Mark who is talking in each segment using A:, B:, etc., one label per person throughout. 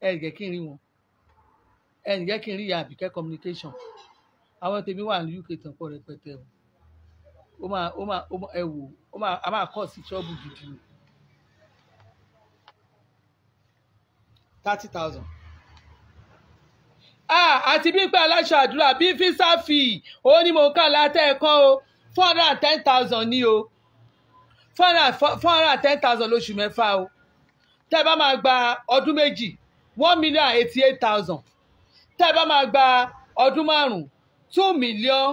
A: ẹ jẹ́ kí n rí wọn ẹ jẹ́ kí n rí ìyá Àbíkẹ́ communication àwọn tèmi wà ní UK tán pọ̀ rẹpẹtẹ o ó máa ó máa ó máa ẹ wò ó máa a máa kọ́ sí ṣọ́ọ̀bù gidi o thirty thousand. Ah, àti bí pé aláṣọ àdúrà bí fisa fi ó ní mò ń kà látẹ̀kọ́ o four hundred and ten thousand ní o four hundred and ten thousand lóṣù mẹ́fà o tẹ́ bá máa gba ọdún méjì one million eighty eight thousand tẹ́ ẹ bá máa gba ọdún márùn two million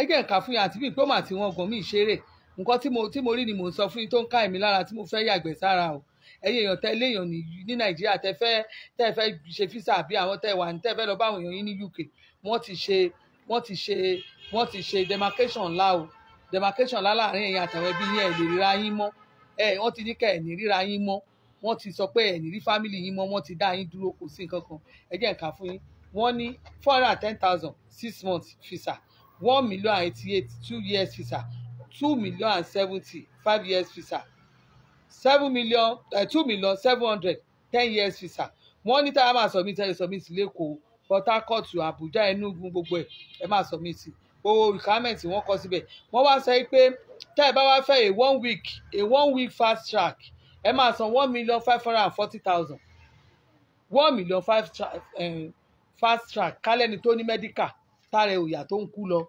A: ẹgbẹ́ ǹka fún yàrá àti bíi pé màá ti wọn gan mí ìṣeré nǹkan tí mo tí mo rí ni mò ń sọ fún yín tó ń ká èmi lára tí mo fẹ́ yàgbẹ́ sára o ẹ̀yin èèyàn tẹ́ léèyàn ní nàìjíríà tẹ́ fẹ́ tẹ́ fẹ́ ṣe físà àbí àwọn tẹ́ wà ní tẹ́ fẹ́ lọ bá àwọn èèyàn yín ní uk wọ́n ti ṣe wọ́n ti ṣe wọ́n ti ṣe demarcation ńlá o demarcation ńlá láàrin èèyàn àtàwọn ẹbí yín ẹ̀ lè ríra yín mọ́ ẹ̀ wọ́n ti ní kẹ́ ẹ̀ ní ríra yín mọ́ wọ́n ti sọ pé ẹ̀yìn rí fámìlì yín mọ́ wọ́n ti dá yín dúró kò sí nǹkan kan ẹ jẹ́ n fún yín wọ́n ní four hundred and ten thousand six months visa one million eighty eight two years visa two million and seventy five years visa seven million eh, two million seven hundred ten years visa wọ́n ní tá a máa submit ẹ submit lẹ́kọ̀ọ́ Port Harcourt Abuja Enugu gbogbo ẹ̀ ẹ máa submit owó requirement wọ́n kọ síbẹ̀ wọ́n wá sọ pé tẹ́ ẹ bá wá fẹ́ a one week a one week fast track ẹ máa san one million five hundred and forty thousand one million five eh, fast track kálẹ́ni tó ní mẹ́díkà tára òyà tó ń kú lọ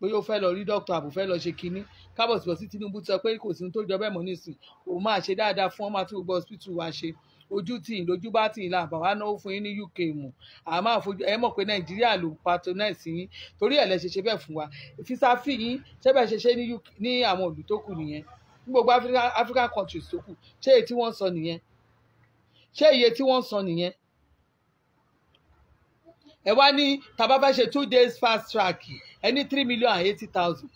A: pé ó fẹ́ lọ rí dókítà àbò fẹ́ lọ ṣe kinní kábọ̀sibọ̀ sí Tinubu sọ pé kò sí ní tó jọ bẹ́ẹ̀ mọ́ nísìn òun máa ṣe dáadáa fún ọmọ àti hospital wa ṣe ojú tì í lójú bá tì í la àbàwá náà ó fún yín ní UK mu àmọ́ àfojú ẹ mọ̀ pé Nàìjíríà ló patronize yín torí ẹ̀ lẹ́ ṣe ṣe bẹ́ẹ̀ fún wa fisa fi yín ṣẹ́bẹ̀ ṣe ṣe ní àwọn ìlú nìyẹn gbogbo African countries tó kù ṣé èyí tí wọ́n sọ nìyẹn ṣé iye tí wọ́n sọ nìyẹn ẹ wá ní tàbá fẹ́ ṣe two days fast track ẹ three million and eighty thousand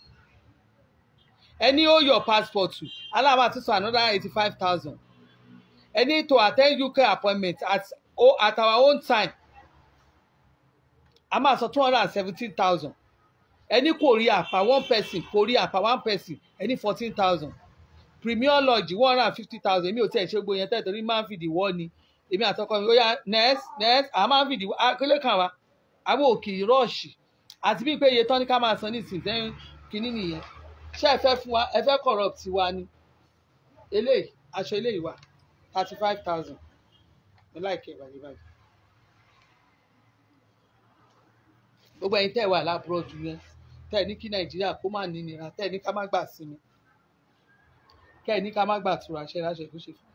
A: ẹ ní ó yọ passport aláwa ti sọ another eighty five thousand ẹ ní to attend UK appointment at, oh, at our own time a máa sọ two hundred and seventeen thousand ẹ ní Korea per one person Korea per one person ẹ fourteen thousand premier lodge one hundred and fifty thousand èmi ò tiẹ̀ ṣe gbóyè tẹ́ torí máa ń fìdí wọ́ ni èmi àtọkọ mi bóyá next next àwọn máa ń fìdí akílẹ̀ kan wa àwọn òkè rọ́ọ̀ṣì àti bíi pé iye tán ní ká máa san ní ìsìn sẹ́yìn kínní nìyẹn ṣé ẹ fẹ́ fún wa ẹ fẹ́ corrupt wa ni eléyìí aṣọ eléyìí wa thirty five thousand mo láìkẹ́ ìbàjẹ́ báyìí. gbogbo ẹ̀yin tẹ́ wà lábúrò jù yẹn tẹ́ ní kí nàìjíríà kó má ní nira tẹ́ ní ká má gbà sinmi kẹ́ ẹ̀ ní ká má gbà tura ṣe láṣẹ kó ṣe fún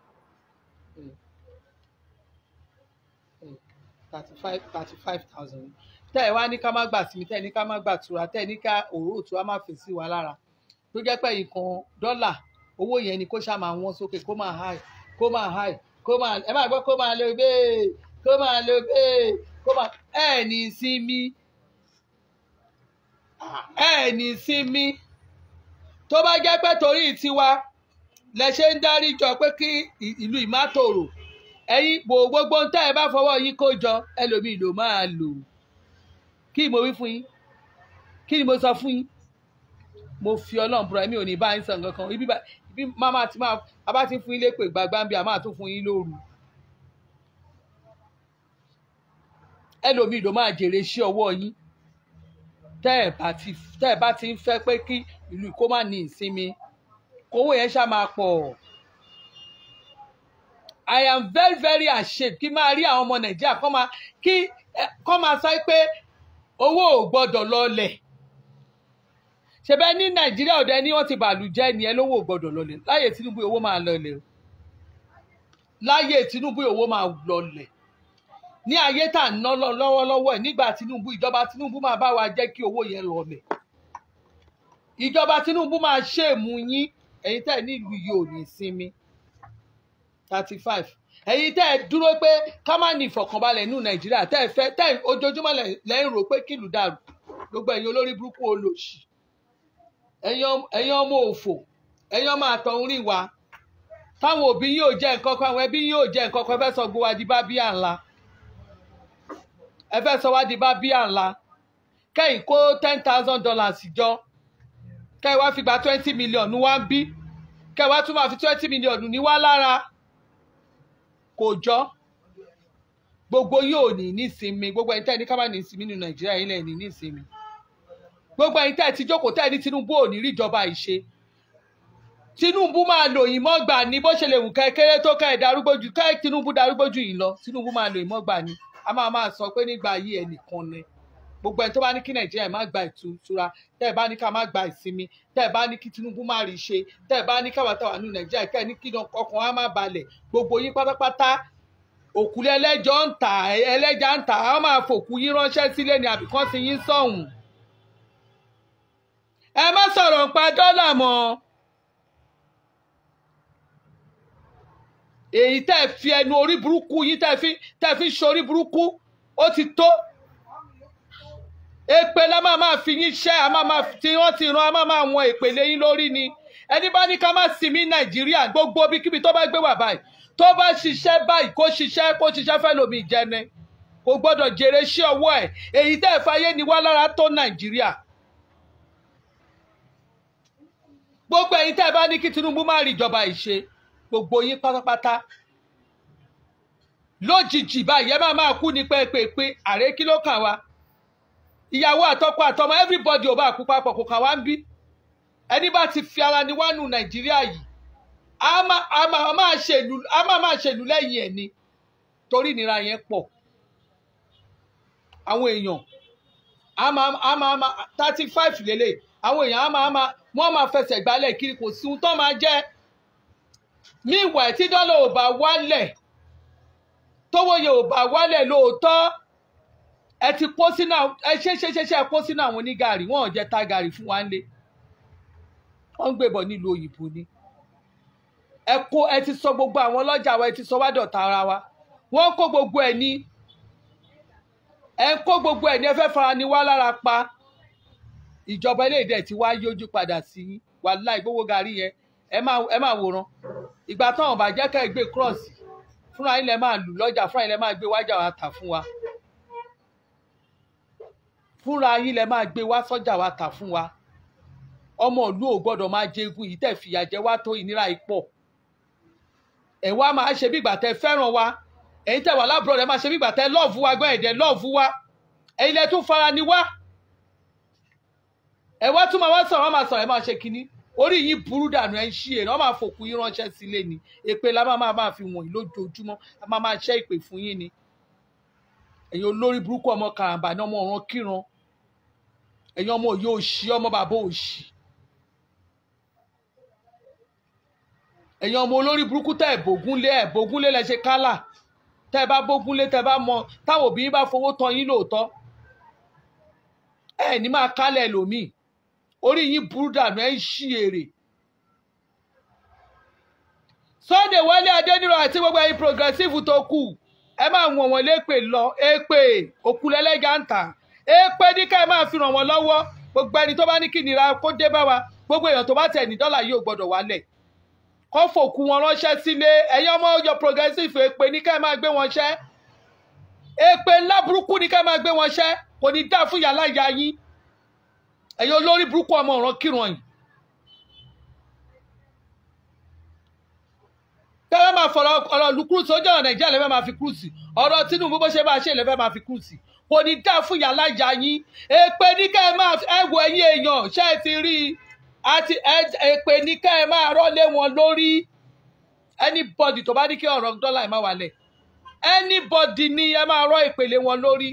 A: thirty five thirty five thousand tẹ́ ẹ̀ wá ní ká má gbà sí mi tẹ́ ẹ̀ ní ká má gbà tura tẹ́ ẹ̀ ní ká òróró tura má fèé sí wa lára tó jẹ́ pé nǹkan dọ́là owó yẹn ni kó ṣáà máa wọ́n sókè kó máa háì kó máa háì kó máa ẹ máa gbọ́ kó máa lo bẹ́ẹ̀ kó máa lo bẹ́ẹ̀ kó máa ẹ̀ ní sinmi ẹ̀ ní sinmi tó bá jẹ́ pé torí tiwa lẹ ṣe ń dárí jọ pé kí ìlú yìí má tòrò ẹ̀yin bò gbogbo ń tẹ́ ẹ bá fọwọ́ yín kó jọ ẹlòmíì ló máa lò kí mo wí fún yín kí ni mo sọ fún yín mo fi ọlọ́run búra mi ò ní bá yín sàn kankan ibi máma ti máa a ti fún yín lépè gbàgbá ń bí a máa fún yín lóru ẹlòmíì ló máa jèrè sí ọwọ́ yín tẹ́ ẹ bá ti ń fẹ́ pé kí ìlú kó má ní ìsinmi kówó yẹn ṣá máa pọ̀ i am very very ashamed kí máa rí àwọn ọmọ nàìjíríà kọ́ máa kí kọ́ máa sọ pé owó ò gbọ́dọ̀ lọlẹ̀ ṣẹbẹ́ ní nàìjíríà ọ̀dẹ ni wọ́n ti bàlùjẹ́ ni ẹ lówó ò gbọ́dọ̀ lọlẹ̀ láyé tinubu owó máa lọlẹ̀ o láyé tinubu owó máa lọlẹ̀ ní ayé tá à ń ná lọ́wọ́lọ́wọ́ ẹ̀ nígbà tinubu ìjọba tinubu máa bá wa jẹ́ kí owó yẹn lọlẹ̀ ìjọba tinubu máa ṣèmú yín ẹ̀yin tẹ́ ní ìlú yìí ò ní sinmi thirty five ẹ̀yin tẹ́ dúró pé ká má ní ìfọ̀kànbalẹ̀ nínú nàìjíríà tẹ́ ẹ̀ fẹ́ tẹ́ ẹ̀ rò pé kìlù dàrú gbogbo ẹ̀yin olórí burúkú olòṣì ẹ̀yin ọmọ òfò ẹ̀yin ọmọ àtọ̀hún wa táwọn òbí yóò jẹ́ nǹkan kan àwọn ẹbí yóò jẹ́ nǹkan kan ẹ fẹ́ sọ gbogbo wa bá bíà ńlá ẹ fẹ́ sọ wá di bá bíà ńlá kẹ́yìn kó ten thousand dollars jọ kẹ́ ẹ wá fi gba twenty million ní wá ń bí kẹ́ wá tún máa fi twenty million ní wá lára kò jọ gbogbo yóò ní nísinmi gbogbo ẹni tẹ́ ẹ ní ká má ní ìsinmi nínú nàìjíríà yìí lẹ́yìn ní nísinmi gbogbo ẹni tẹ́ ẹ ti jókòó tẹ́ ẹ ní tinubu ò ní ríjọba ìṣe tinubu máa lò yín mọ́gbà ní bó ṣe lè wù kẹ́kẹ́rẹ́ tó kẹ́ ẹ darúgbó ju kẹ́ tinubu darúgbó ju yín lọ tinubu máa lò yín mọ́gbà ní a máa máa sọ pé nígbà yí ẹnìkan ni gbogbo ẹni tó bá ní kí nàìjíríà má gba ìtura tẹ́ ẹ bá ní ká má gba ìsinmi tẹ́ ẹ bá ní kí tinubu má rí ṣe tẹ́ ẹ bá ní káwa nù nàìjíríà kẹ́ ẹ ní kí ọkàn wa má balẹ̀ gbogbo yín pátápátá òkúlẹ̀ ẹlẹ́jọ́ ń tà ẹlẹ́jà ń tà á máa fòkú yín ránṣẹ́ sílé ni àbíkán sí yín sọ̀hún. ẹ má sọ̀rọ̀ ń pa dọ́là mọ́. èyí tẹ́ fi ẹnu orí burúkú yín tẹ́ fi tẹ́ ẹ fi ṣorí burúkú ó ti tó èpè la máa máa fi yín ṣẹ́ a máa máa tí wọ́n ti ran a máa máa wọn èpè yín lórí ni ẹni bá ní ká má sinmi nàìjíríà gbogbo ibikíbi tó bá gbé wà báyìí tó bá ṣiṣẹ́ báyìí kó ṣiṣẹ́ kó ṣiṣẹ́ fẹ́ lómi ìjẹni kò gbọ́dọ̀ jèrè sí ọwọ́ ẹ̀ èyí tẹ́ ẹ̀ fàyè ní wá lára tó nàìjíríà. gbogbo ẹ̀yin tẹ́ ẹ bá ní kí Tinubu má rí ìjọba ìṣe gbogbo yín pátápátá lójijì báyìí ẹ máa máa kú ní pẹ́ẹ́pẹ́ẹ́pẹ́ àrè ló kàn wá ìyàwó àtọkọ àtọmọ everybody ò bá kú papọ̀ kò kà wá ń bí ẹni bá ti fi ara ni wá nù nàìjíríà yìí a máa máa ṣèlú lẹ́yìn ẹ̀ ni torí ìnira yẹn pọ̀ àwọn èèyàn a máa a máa thirty five lélẹ̀ àwọn èèyàn a máa máa wọ́n máa fẹsẹ̀ gbálẹ̀ kiri kò sí ohun tó máa jẹ́ míwẹ̀ tí dọ́là ò bá wálẹ̀ tówó ò bá wálẹ̀ lóòótọ́ ẹ ti kó sínú ẹ ṣe ṣe ṣe ṣe ẹ kó sínú àwọn onígàrí wọn ò jẹ ta gàrí fún wa ńlé wọn ń gbébọ nílùú òyìnbó ni ẹ kó ẹ ti sọ gbogbo àwọn ọlọ́jà wa ẹ ti sọ wá dọ̀tá ara wa wọn kó gbogbo ẹ ní ẹ kó gbogbo ẹ ní ẹ fẹ́ fara ni wá lára pa ìjọba eléyìí dẹ̀ ti wá yójú padà sí wàláì gbogbo gàrí yẹn ẹ máa wòran ìgbà táwọn bàjẹ́ ká ẹ gbé cross fúnra yín lẹ máa lù lọ́jà fúnra yín lẹ máa gbé wájà wa tà fún wa. fúnra yín lẹ máa gbé wá sọ́jà wa tà fún wa ọmọ ìlú ò gbọ́dọ̀ máa jẹgun yìí tẹ̀ fìyà jẹ wá tó ìnira ìpọ̀ ẹ̀ wá máa ṣe bí ìgbà tẹ́ fẹ́ràn wa ẹ̀yin tẹ́ wà lábúrò rẹ̀ máa ṣe bí ìgbà tẹ́ lọ́ọ̀fù wa gbọ́n ẹ̀dẹ̀ lọ́ọ̀fù wa ẹ̀yin lẹ tún fara ni wá ẹ̀ wá tún máa wá sọ̀rọ̀ máa sọ̀rọ̀ ẹ̀ máa ṣe kinní orí yìí burú dànù ẹ̀ ń ṣí èrè wọ́n máa fòkù yín ránṣẹ́ sí ilé ni èpè la máa máa fi wọ̀nyí lójoojúmọ́ a máa máa ṣẹ́ ìpè fún yín ni ẹ̀yin olórí burúkú ọmọ karambà ní ọmọ ọ̀ràn kíran ẹ̀yin ọmọ òye òṣì ọmọ bàbá òṣì ẹ̀yin ọmọ olórí burúkú tẹ́ ẹ̀ bògúnlé ẹ̀ bògúnlé lẹ ṣe kálà tẹ́ ẹ bá bógúnlé tẹ́ ẹ bá mọ táwọn òbí yín bá fowó tọ́ yín lóòótọ́ ẹ̀ ní máa kálẹ̀ lòmíì orí yín burú dànù ẹ̀ ń ṣí èrè. Sunday Wálé Adéníran àti gbogbo ẹ̀yin progressive tó kù ẹ máa wọ̀n wọ́n lépè lọ èpè òkú lẹ́lẹ́gàǹtà èèpẹ̀ ní ká ẹ máa fi ràn wọ́n lọ́wọ́ gbogbo ẹni tó bá ní kí nira kó dé bá wa gbogbo èèyàn tó bá tẹ̀ ní dọ́là yóò gbọ́dọ̀ wálẹ̀ kó fòkù wọn ránṣẹ́ sílé ẹ̀yin ọmọ yọ progressive èèpẹ̀ ní ká ẹ máa gbé wọn ṣẹ́ èèpẹ̀ ńlá burúkú ní ká ẹ máa gbé wọn ṣẹ́ kò ní dá fún yàrá ìyá yín ẹ̀yin olórí burúkú ọmọ ọ̀ràn kírun yìí. tẹ́lẹ̀ máa fọ̀rọ̀ ọ̀rọ̀ lu kúrúsì ó jọ̀rọ̀ nàìjíríà lẹ́fẹ̀ẹ́ máa fi kúrúsì ọ̀rọ̀ tinubu bó ṣe bá ṣe lẹ́fẹ̀ẹ́ máa fi kúrúsì kò ní dá fún ìyá alájà yín èpè ní kẹ́ ẹ máa ẹ wo ẹ̀yin èèyàn ṣé ẹ ti rí i àti èpè ní kẹ́ ẹ máa rọ́lé wọn lórí anybody tó bá ní kí ọ̀rọ̀ dọ́là ẹ̀ má wálẹ̀ anybody ni ẹ máa rọ́ ìpèlè wọn lórí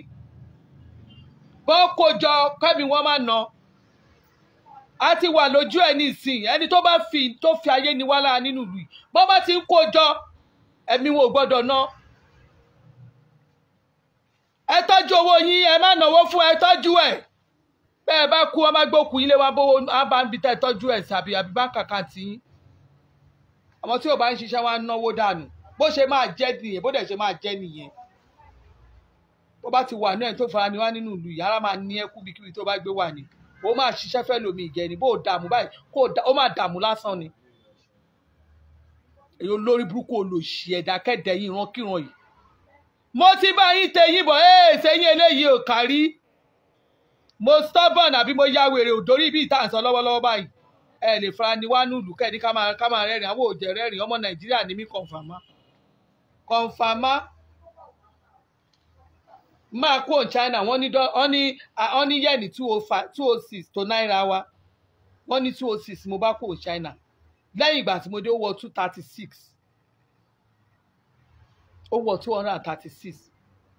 A: bó kó jọ kẹ́mi wọ́n máa nà á ti wà lójú ẹ̀ nísìn ẹni tó bá fi tó fi ayé ni wá lára nínú ìlú bó bá ti ń kó jọ ẹ̀mí wọn ò gbọ́dọ̀ ná. No ẹ tọ́jú owó yín ẹ má náwó fún ẹ tọ́jú ẹ̀ bẹ́ẹ̀ bá kú ọmọ gbókùn ilé wa bówó abáǹbí tẹ́ tọ́jú ẹ̀ sàbí àbíbá kàkàǹtì yín àwọn tí ò bá ń ṣiṣẹ́ wa ń náwó dànù bó ṣe máa jẹ́ nìyẹn bó dẹ̀ ṣe máa jẹ́ nìyẹn bó bá ti wà náà tó fara ni wá nínú ìlú yàrá máa ní ẹkú bíkíbi tó bá gbé wà ní ó máa ṣiṣẹ́ fẹ́ lómi ìjẹni bó dààmú báyìí kó ó máa dààmú lásán ni èyí olórí burúkú olòṣì ẹ̀dá kẹ́dẹ̀ẹ́yìn ìrankíran yìí mo ti bá yín tẹ bọ bọ̀ ẹ́ẹ̀ sẹ́yìn eléyìí ò kárí mo stubborn àbí mo ya wèrè òdórí bíi tá à ń sọ lọ́wọ́lọ́wọ́ báyìí ẹ lè fara ni ìlú ọmọ nàìjíríà ni mí kọ̀ǹfàmá kọ̀ǹfàmá máa China wọn ní wọ́n oh two oh six to naira wa wọn ní two oh six mo bá kó China lẹ́yìn ìgbà tí mo dé wọ thirty six ó wọ two hundred and thirty six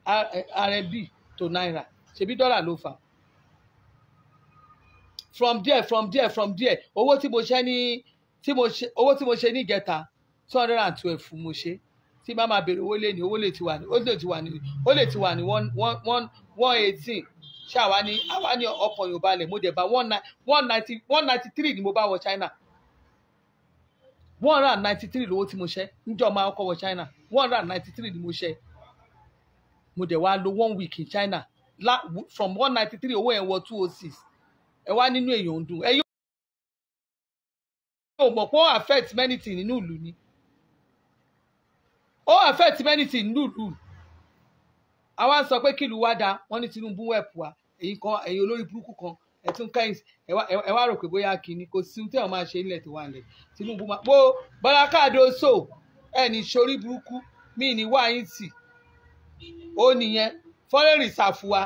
A: rmb eh, to naira ṣebí dọ́là ló fà from there from there from there owó tí mo ṣe ní tí mo ṣe owó tí mo ṣe ní ìgẹta two hundred and twelve mo ṣe tí bá máa béèrè owó lé ní owó lè ti wà ní ó lè ti wà ní ó lè ti wà ní one one one eighteen ṣé àwa ní àwa ní ọkàn yorùbá lẹ̀ mo dẹ̀ bá one one ninety one ninety three ni mo bá wọ China one hundred and ninety three lówó tí mo ṣe níjọ́ máa kọ́ wọ China one hundred and ninety three ni mo ṣe mo dẹ̀ wá lò one week in China la from one ninety three owó yẹn wọ two oh six ẹ wá nínú èèyàn ń dùn ẹ yóò mọ̀ pé ó affect many things nínú ìlú ni ó affect many things nínú ìlú àwa sọ pé kí ìlú wa da wọ́n ní Tinubu wẹ̀pù wa èyí kan èyí olórí burúkú kan ẹtún kẹ́yìn ẹ wá rò pé bóyá kínní kò sí ohun tí àwọn máa ṣe nílẹ̀ tó wà nílẹ̀ Tinubu máa bó Bọ́lá Káàdó so ẹni sórí burúkú mi ní wáyín tì ó nìyẹn foreign reserve wa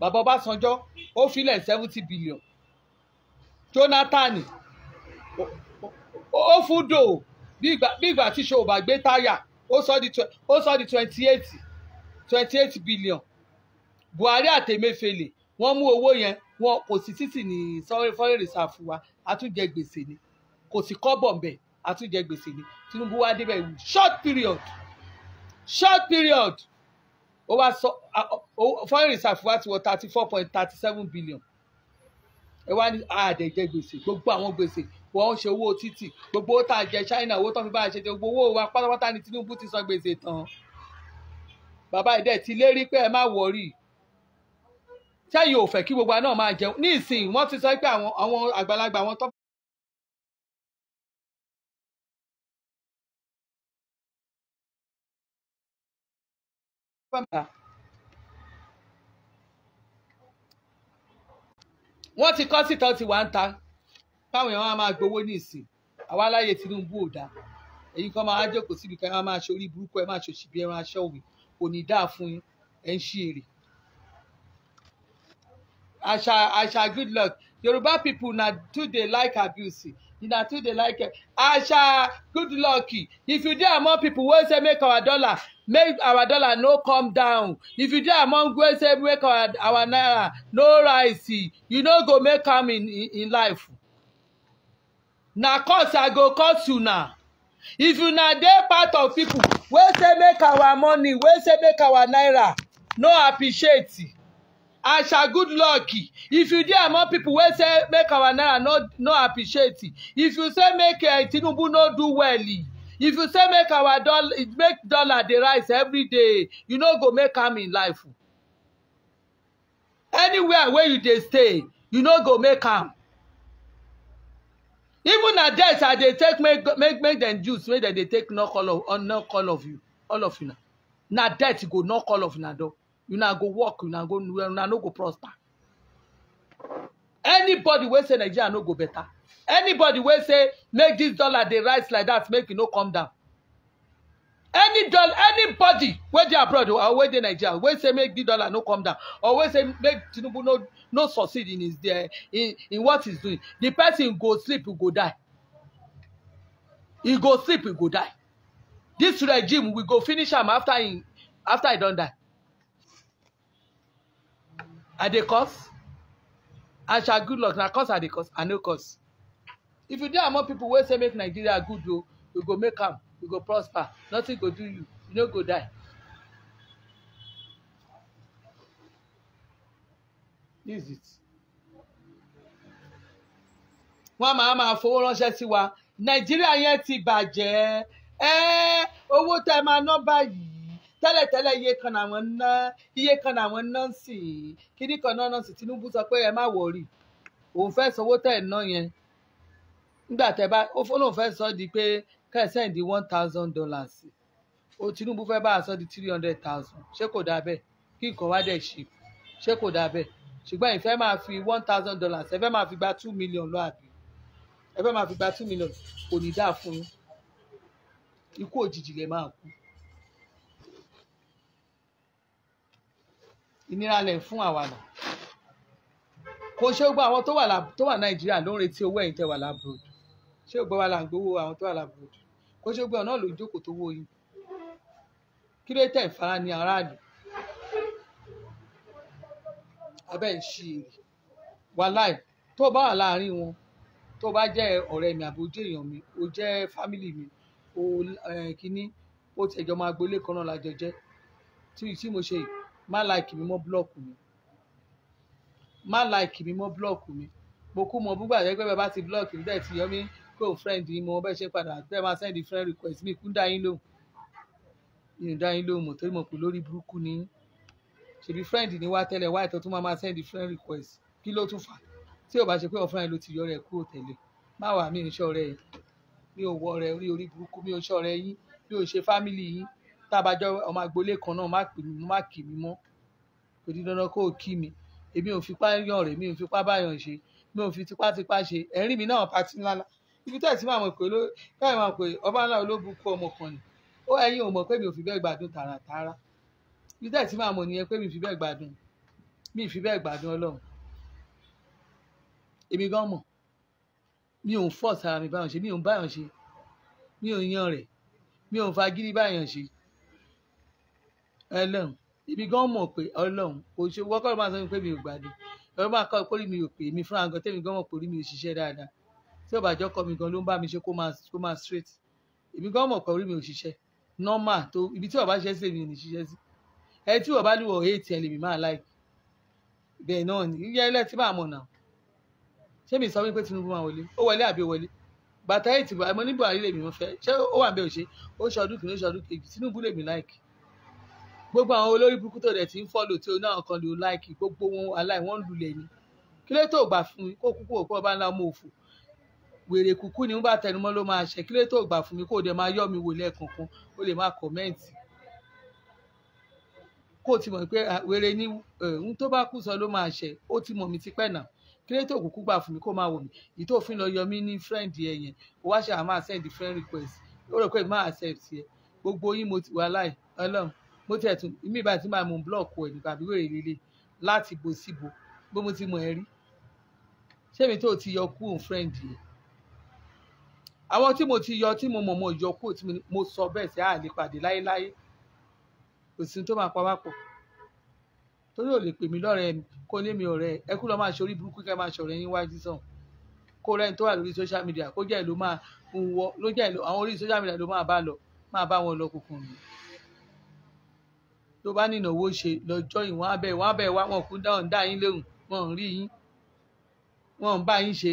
A: bàbá Ọbásanjọ́ ó filẹ̀ seventy billion Jonathan ó fún dò bí ìgbà tí ṣòwò bá gbé táyà ó sọ di twenty eight twenty eight billion Buhari àtẹ̀mẹ́fẹ̀lẹ̀ wọ́n mú owó yẹn wọn kò sí títì ní foreign reserve wa a gbèsè ni kò sí kọ́bọ̀ mbẹ̀ àtúnjẹ gbèsè ni Tinubu wá débẹ̀ short period short period ó wá sọ foreign reserve wá ti wọ thirty four point thirty seven billion ẹ wá ní àdẹ̀jẹ̀ gbèsè gbogbo àwọn gbèsè wọ́n ń ṣe owó títì gbogbo tá a jẹ China owó tó fi bá a ṣe jẹ gbogbo owó wa pátápátá ni Tinubu ti san gbèsè tán bàbá ìdẹ ti lérí pé ẹ má wọrí sẹ́yìn ò fẹ́ kí gbogbo àná máa jẹun ní ìsìn wọ́n ti sọ pé àwọn àgbàlagbà àwọn tó fọ́mà. wọ́n ti kọ́ síta ti wà ń ta káwọn èèyàn máa máa gbowó ní ìsìn àwa láyé Tinubu ò dáa èyí kan máa jókòó síbi kan ẹ máa ṣe orí burúkú ẹ máa ṣe òṣìbí ẹ máa ṣe òwe kò ní dáa fún yín ẹ ń ṣí èrè. àṣà àṣà good luck Yoruba people na too dey like abuse na too dey like asha good luck if you dey among people wey say make our dollar make our dollar no come down if you dey among wey say make our our naira no rise you no go make am in in life na cause i go cause you na if you na dey part of people wey say make our money wey say make our naira no appreciate and shall good luck if you dey among people wey say make our naira no no appreciate if you say make uh, tinubu no do well if you say make our dollar make dollar dey rise every day you no go make am in life anywhere wey you dey stay you no go make am even na death i dey take make make make dem juice make dem dey take knock all of knock all of you all of una na death go knock all of una door una go work una go una no go prosper anybody wey say nigeria no go better anybody wey say make this dollar dey rise like that make e no come down any dollar anybody wey dey abroad or wey dey nigeria wey say make this dollar no come down or wey say make tinubu no no succeed in his there eh, in in what he's doing the person go sleep he go die he go sleep he go die this regime we go finish am after he after he don die I dey cause? I shall good luck. Na cause I dey cause? I no cause? If you dey among people wey say make Nigeria good o, oh, you go make am, you go prosper, nothing go do you, you no go die. This is it. Wọ́n máa máa fowó ránṣẹ́ sí wa. Nàìjíríà yẹn ti bàjẹ́. Ẹ́ owó tẹ́ máa ná báyìí. tẹ́lẹ̀tẹ́lẹ̀ iye kan làwọn ná iye kan làwọn ná sí i kan náà Tinubu sọ pé ẹ má wọrí òun fẹ́ sanwó tẹ̀ ná yẹn nígbà tẹ bá ó fẹ́ sọ di pé kẹsẹ̀ di one thousand dollars o Tinubu fẹ́ bá a sọ di three hundred thousand ṣé kò dáa kí nǹkan wá dẹ̀ ṣé kò dáa ṣùgbọ́n ìfẹ́ máa fi one thousand dollars ẹ máa fi gba two million lọ ìnira lẹ̀ fún àwàdà kò ṣe gbogbo àwọn tó wà nàìjíríà ló ń retí owó ẹ̀yin tẹ́ wà lábúròd ṣé gbogbo wa là ń gbowó àwọn tó wà lábúròd kò ṣe gbogbo náà ló ń jókòó tó wó yín kí ló tẹ̀ fara ní aráàlú abẹ́ ń ṣe èrè wàláì tó bá wà láàárín wọn tó bá jẹ́ ọ̀rẹ́ mi àbí ó jẹ́ èèyàn mi ó jẹ́ fámìlì mi ó kínní ó tẹ̀jọ́ máa gbolé kan náà lájọ jẹ́ tí mo ṣe yìí má like mi mọ́ búlọ̀kù mi má like mi mọ́ búlọ̀kù mi mo kú mọ búgbà jẹ́ pé bàbá ti búlọ̀kì nígbà tí yọmí kó friend yín mo bẹ́ẹ̀ ṣe padà bẹ́ẹ̀ máa send friend request mi kú ń dá yín lóhùn mi ò dá yín lóhùn mọ̀ torí mo pè lórí burúkú ni ṣèbí friend ni wá tẹ́lẹ̀ wá ìtọ́ tún máa máa send friend request kí ló tún fà tí ò bá ṣe pé ọ̀fẹ́ ló ti yọ rẹ̀ kúrò tẹ̀lé má wàá mi ò ṣọ́ rẹ̀ yìí mi ò wọ rẹ̀ orí orí burúkú mi ò ṣọ́ rẹ̀ yín mi ò ṣe family yín tá a bá jọ ọmọ agboolé kan náà má pè mí má kì mí mọ́ kò di dandan kó o kí mi èmi ò fipá yàn rè mi ò fipá báyàn ṣe mi ò fi tipátipá ṣe ẹ̀rín mi náà pati ńlá ńlá ibi tẹ́ ẹ̀ ti máa mọ̀ pé káyọ̀ máa pè ọba ńlá olóbùkún ọmọkùnrin ó ẹ̀yin ò mọ̀ pé mi ò fi bẹ́ẹ̀ gbádùn tààràtààrà ibi tẹ́ ẹ̀ ti máa mọ̀ nìyẹn pé mi ò fi bẹ́ẹ̀ gbádùn mi ò fi bẹ́ẹ̀ gbádùn ọlọ́run èmi gan mọ̀ mi ò ń fọ́ sára mi báyọ̀ ṣe mi ò ń báyọ̀ ṣe mi ò yan rẹ̀ mi ò fagídí báyọ̀ ṣe Ọlọ́run ibi gan mọ̀ pé Ọlọ́run kò ṣe wọ́kọ́ ló máa sọ pé mi ò gbàdé lọ́rọ́ máa kọ́ pé mi ò pè mí fúnra gan tẹ́mi gan mọ̀ pé orí mi ò ṣiṣẹ́ dáadáa tí ọ̀bàjọ́ kọ́ mi gan ló ń bá mi ṣe kó máa straight èmi gan mọ̀ pé orí mi ò ṣiṣẹ́ normal tó ibi tí ọ̀bá ṣiṣẹ́ sí èmi ò ní ṣiṣẹ́ sí ẹ tí ọ̀bá lù wọ̀ eight ẹ lè mi máa like bẹ́ẹ̀ náà ni yíyá ilẹ̀ tí máa mọ̀ náà ṣé mi sọ wípé Tinubu máa wọlé ó wọlé àbí ó wọlé bàtà eight mo ní Buhari lèmi mo fẹ́ ṣé ó wà bẹ́ẹ̀ ò ṣe ó ṣọdún kìíní ó ṣọdún kejì Tinubu lèmi like gbogbo àwọn olórí burúkú tó dẹ̀ ti ń fọ́lò tí o náà kan lò láìkì gbogbo wọn aláìwọ́n lulẹ̀ ni kí ló tó gbà fún mi kó kúkú òkú ọba ńlá ọmọ òfò wèrè kúkú ni wọn bá tẹnumọ́ ló máa ṣe kí ló tó gbà fún mi kó o dẹ̀ máa yọ̀ mi wò lẹ́ẹ̀kọ̀ọ̀kan o lè máa kọ̀mẹ́ǹtì kó o ti mọ̀ pé wèrè ni ń tó bá kú sọ ló máa ṣe ó ti mọ̀ mi ti pẹ́ náà kí ló tó kúkú gbà fún mi kó máa wò mí ìtò òfin lọ yọ mí ní friend ẹ yẹn o wá ṣe àmà send friend request ó rò pé má accept yẹ gbogbo yín mo ti wà láì ọlọ́run mo tẹ̀ tún ìmí ìbáyìí tí màá mú búlọ̀kù ẹ̀ nípa àbí wèrè líle láti bo síbo bó mo ti mọ̀ ẹ́ rí ṣé mi tó ti yọ kúrò friend yẹn àwọn tí mo ti yọ tí mo mọ̀ mọ̀ yọ kúrò tí mo sọ bẹ́ẹ̀ sí àlè pàdé láéláé kò sí tó máa pa wá pọ̀ torí ò lè pè mí lọ́rẹ̀ẹ́ kó lé mi ọ̀rẹ́ ẹ kú lọ́ máa ṣorí burúkú kẹ́ máa ṣọ̀rẹ́ yín wájú sàn kó rẹ́ni tó wà lórí social media kó jẹ́ ìlú máa ń wọ ló jẹ́ ìlú àwọn orí social media ló máa bá lọ máa bá wọn lọ kùkùn tó bá ní ìnáwó ṣe lọ́jọ́ ìwọ̀n abẹ́ ìwọ̀n abẹ́ wa wọn kú dáhùn dá yín léhùn wọn ò rí yín wọn ò bá yín ṣe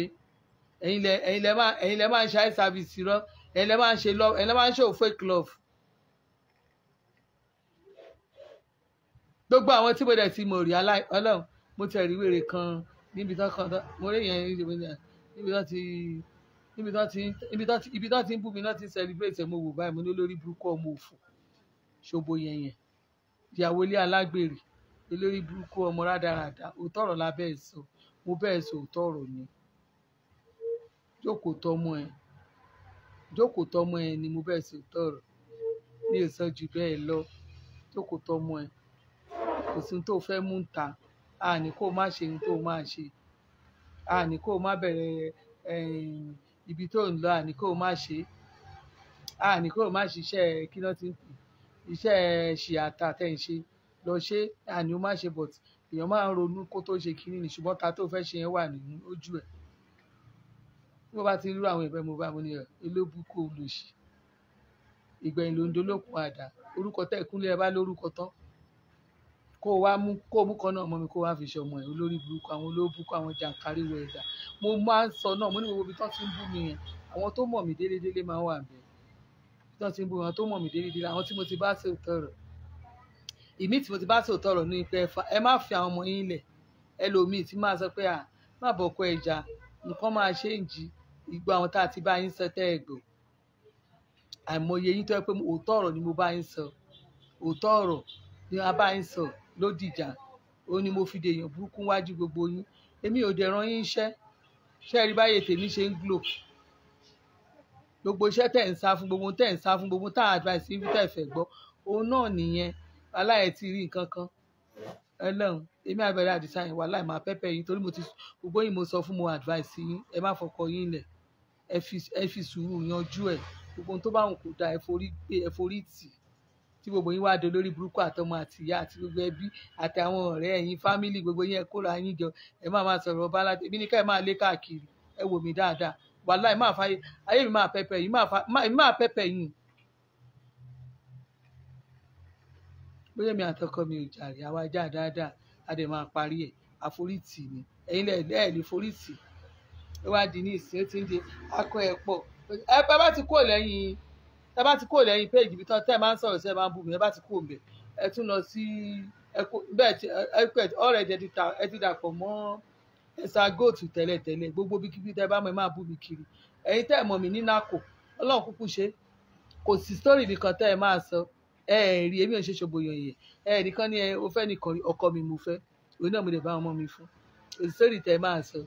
A: ẹ̀yin lẹ ẹ̀yin lẹ máa ẹ̀yin lẹ máa ń ṣe eye service rọ ẹ̀yin lẹ máa ń ṣe love ẹ̀yin lẹ máa ń ṣe fake love. gbogbo àwọn tí mo dẹ̀ ti mọ̀ rí ọlọ́run mo tẹ̀ rí wèrè kan níbi tó kan mo rí yẹn níbi tó ti níbi tó ti ibi tó ti ń bú mi náà ti ń celebrate ẹ̀ mo wò báyìí mo ní olórí burúkú ọmọ òfò ṣòbo yẹn yẹn ìyàwó ilé alágbèrè olórí burúkú ọmọ rádaràda òótọ́ ọ̀rọ̀ la bẹ́ẹ̀ sọ mo bẹ́ẹ̀ sọ òótọ́ ni jókòó tọmọ ẹ jókòó tọmọ ẹ ni mo bẹ́ẹ̀ sọ òótọ́ ọ̀rọ̀ mi ò sọ jù bẹ́ẹ̀ lọ jókòó tọmọ ẹ kò sí tó fẹ́ mú ń ta a ní kó má ṣe ní tó má ṣe a ní kó má bẹ̀rẹ̀ eh, ibi tó ń lọ a ní kó má ṣe a ní kó má ṣiṣẹ́ kí ló ti ń pè iṣẹ́ ṣìyàtà tẹ̀ ń ṣe lọ ṣe àní ó má ṣe but èèyàn máa ń ronú kó tó ṣe kínní ni ṣùgbọ́n ta tó fẹ́ ṣe yẹn wà nínú ojú ẹ̀ bí wọ́n bá ti rírọ àwọn ìbẹ́ mo bá mo ní ẹ̀ elébùkù olùṣì ìgbẹ̀yìn ló ń dolókun àdá orúkọ tẹ́ ìkúnlẹ̀ ẹ bá lórúkọ tán kó o wá mú kó o mú kan náà mọ́ mi kó o wá fi ṣọmọ ẹ̀ olórí burúkú àwọn olóbùkú àwọn jàǹkáríwọ̀ ẹ̀dá mo máa ń sọ náà mo ní gbogbo ibi tán ti ń bú mi yẹn àwọn tó mọ̀ mí délédélé tó ti ń bu àwọn tó mọ̀ mí déédéé àwọn tí mo ti bá ṣe òótọ́ rọ̀ ìmí tí mo ti bá ṣe òótọ́ rọ̀ ní pé ẹ má fi àwọn ọmọ yín lẹ̀ ẹlòmíì tí máa sọ pé à má bọ̀ kọ ẹja nǹkan máa ṣe ń jí ìgbà àwọn tá a ti bá yín sọ tẹ́ ẹ gbò àìmọye yín tó yẹ pé òótọ́ ọ̀rọ̀ ni mo bá yín sọ òótọ́ ọ̀rọ̀ ni a bá yín sọ ló dìjà ó ní mo fi dèèyàn burúkú wájú gbogbo yín èmi ò dẹ̀ rán yín iṣẹ́ ṣẹ́ẹ̀rí báyìí tèmi ṣe ń glò gbogbo iṣẹ́ tẹ̀ ń sá fún gbogbo tẹ̀ ń sá fún gbogbo tá advice yín tẹ̀ fẹ́ gbọ́ òun náà nìyẹn aláyẹ̀ ti rí nǹkan kan ẹlẹ́hùn èmi àbẹ̀rẹ̀ àdìsá yẹn wà láì máa pẹ́pẹ́ yín torí mo ti gbogbo yín mo sọ fún mo advice yín ẹ má fọkọ yín lẹ̀ ẹ fi sùúrù yanjú ẹ̀ gbogbo ohun tó bá wọn kò da ẹ forí tì tí gbogbo yín wá dé lórí burúkú àtọmọ àti ìyá àti gbogbo ẹbí àti àwọn ọ̀rẹ́ ẹ̀yin fámìlì gbogbo yín ẹ kóra yín jọ ẹ má máa sọ̀rọ̀ ọba aládé èmi ní ká ẹ máa lé káàkiri ẹ wò mí dáadáa wàláì máa fa ayé mi máa pẹpẹ yìí máa fa èmi máa pẹpẹ yìí. bóyá mi àtọkọ mi ò jàre àwa já dáadáa a dẹ̀ máa parí ẹ̀ àforítì ni ẹ̀yin lẹ́ẹ̀ lè forítì ẹ wá di ní ìsìn ó ti ń di akọ ẹ̀ pọ̀ ẹ bá bá ti kó lẹ́yìn ẹ bá ti kó lẹ́yìn péèjì bí tán tẹ́ ẹ máa ń sọ̀rọ̀ sí ẹ máa ń bù mí ẹ bá ti kó mbẹ̀ ẹ tún lọ sí ẹ kó bẹ́ẹ̀ ẹ ọ̀rẹ́ ẹ ti dàpọ̀ mọ́ ẹ̀sà góòtù tẹ́lẹ̀tẹ́lẹ̀ gbogbo bí kíbi tẹ́ bá mọ̀ ẹ máa bú mi kiri ẹ̀yin tẹ́ ẹ̀ mọ̀ mí ní nàkó ọlọ́run kúkú ṣe kò sí sítórì ibì kan tẹ́ ẹ máa sọ ẹ ẹ̀ rí èmi ò ṣe ṣògbòyàn yẹn ẹ ẹ̀ nìkan ni o fẹ́ nìkan ọkọ mi mo fẹ́ òun náà mo lè bá ọmọ mi fún kò sí sítórì tẹ́ ẹ máa sọ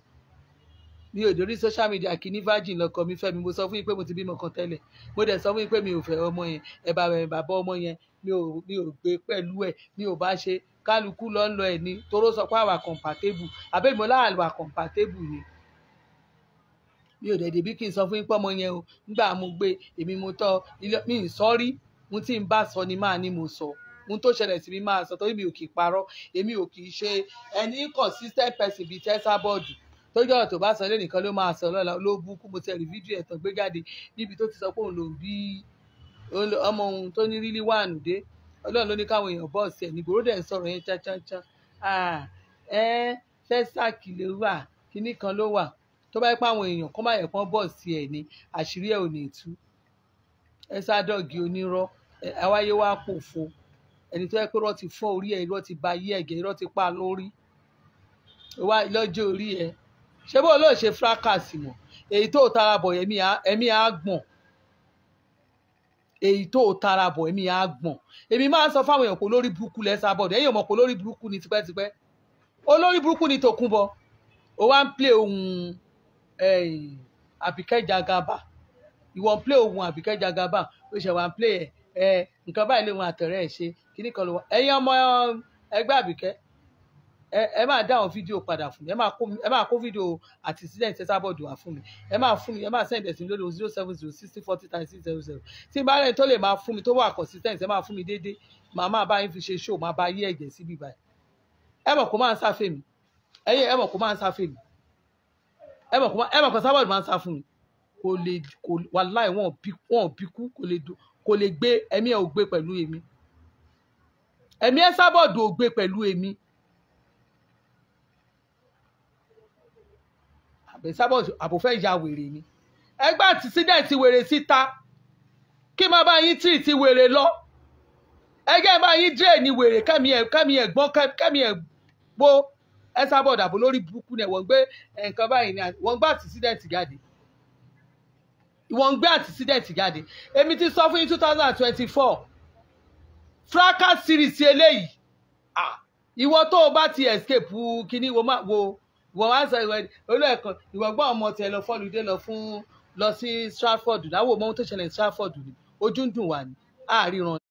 A: mi ò dórí social media kì í ní virgin lọkọ mi fẹ́ mi mo sọ fún yín pé mo ti bímọ kan tẹ́lẹ̀ mo dẹ̀ sọ fún yín pé mi ò fẹ́ ọmọ yẹn ẹ bá bàbá ọmọ yẹn mi ò gbé pẹ̀lú ẹ̀ mi ò bá ṣe kálukú lọ ń lọ ẹ̀ ní toró sọ pé àwa compatible àbẹ́mi ọláàlùwà ni mi ò dẹ̀dẹ̀ bí kí n sọ fún yẹn o nígbà mo gbé èmi mo tọ́ ilé mi ń sọ mo ti ń bá sọ ni máa ni mo sọ mo tó ṣẹlẹ̀ sí mi máa sọ torí mi ò kì í parọ́ èmi ò kì í ṣe ẹni sọ nìkan ló máa sọ lọ́la ló bú ọmọ òun tó ní ọlọ́run ló ní káwọn èèyàn bọ́ọ̀sì ẹ̀ nígboro dẹ̀ ń sọ̀rọ̀ yẹn cháncháncán ẹ sẹ́sàkì lè wà kinní kan ló wà tó bá yẹ pé àwọn èèyàn kọ́ má yẹ kán bọ́ọ̀sì ẹ̀ ní àṣírí ẹ̀ ò ní tú ẹ sádọ́ọ̀gì onírọ́ àwáyé wa pòfo ẹni tó yẹ pé irọ́ ti fọ́ orí ẹ̀ irọ́ ti ba ayé ẹ̀gẹ́ irọ́ ti pa lórí wá lọ́jọ́ orí ẹ̀ ṣé bó ló ṣe fracas mọ̀ èyí tó tara bọ̀ ẹ̀mí àgbọ̀n èyí tó tara bọ̀ èmi á gbọ̀n èmi máa ń sọ fáwọn èèyàn pé olórí burúkú lẹ Esabod ẹ̀yin ò mọ̀ pé burúkú ni tipẹ́tipẹ́ olórí burúkú ni Tòkunbọ̀ ó wá ń play ohun Àbíkẹ́ Jagaba ìwọ ń play ohun Àbíkẹ́ Jagaba ó ṣe wá ń play ẹ̀ nǹkan báyìí lóun àtọ̀rẹ́ ẹ̀ ṣe kíní kan ló wà ẹ̀yin ọmọ ẹgbẹ́ Àbíkẹ́ ẹ máa dá àwọn fídíò padà fún mi ẹ máa kó fídíò àti student Esabod wá fún mi ẹ máa fún mi ẹ máa send ẹ̀sìn lórí zero seven zero sixty forty thirty six zero zero tí n bá rẹ̀ tó lè máa fún mi tó wà consistent ẹ máa fún mi déédéé màá máa bá yín fi ṣe show màá bá yí ẹ̀jẹ̀ síbí báyìí ẹ mọ̀ kó máa ń sáfẹ́ mi ẹyẹ ẹ mọ̀ kó máa ń sáfẹ́ mi ẹ mọ̀ kó ẹ mọ̀ kó Esabod máa ń sá fún mi kò lè kò wàláì wọn ò bíkú kò lè gbé ẹ̀mí ẹ̀ ò gbé pẹ̀lú èmi ẹ̀mí Esabod ò gbé pẹ̀lú èmi pé sábọ̀sì àbòfẹ́ ìyá wèrè ni ẹgbẹ́ àtisídẹ̀ǹtì wèrè síta kí máa bá yín tírì ti wèrè lọ ẹgbẹ́ bá yín dírè ní wèrè kẹ́mi ẹ̀ kẹ́mi ẹ̀ gbọ́n kẹ́mi ẹ̀ gbó ẹ sábọ̀dì àbò lórí burúkú ni wọ́n gbé nǹkan báyìí ni wọ́n gbé àtisídẹ̀ǹtì jáde wọ́n gbé àtisídẹ̀ǹtì jáde èmi ti sọ fún yín two thousand and twenty four fracas series eléyìí ìwọ tó o bá ti escape kínní wo máa wo ìwọ wá sọ ìwọ olóòkan ìwọ gbọ́ ọmọ tiẹ̀ lọ fọ́lùdé lọ fún lọ sí Stratford láwọn ohun tó ṣẹlẹ̀ Stratford ni ojú ń dùn wá ní àríran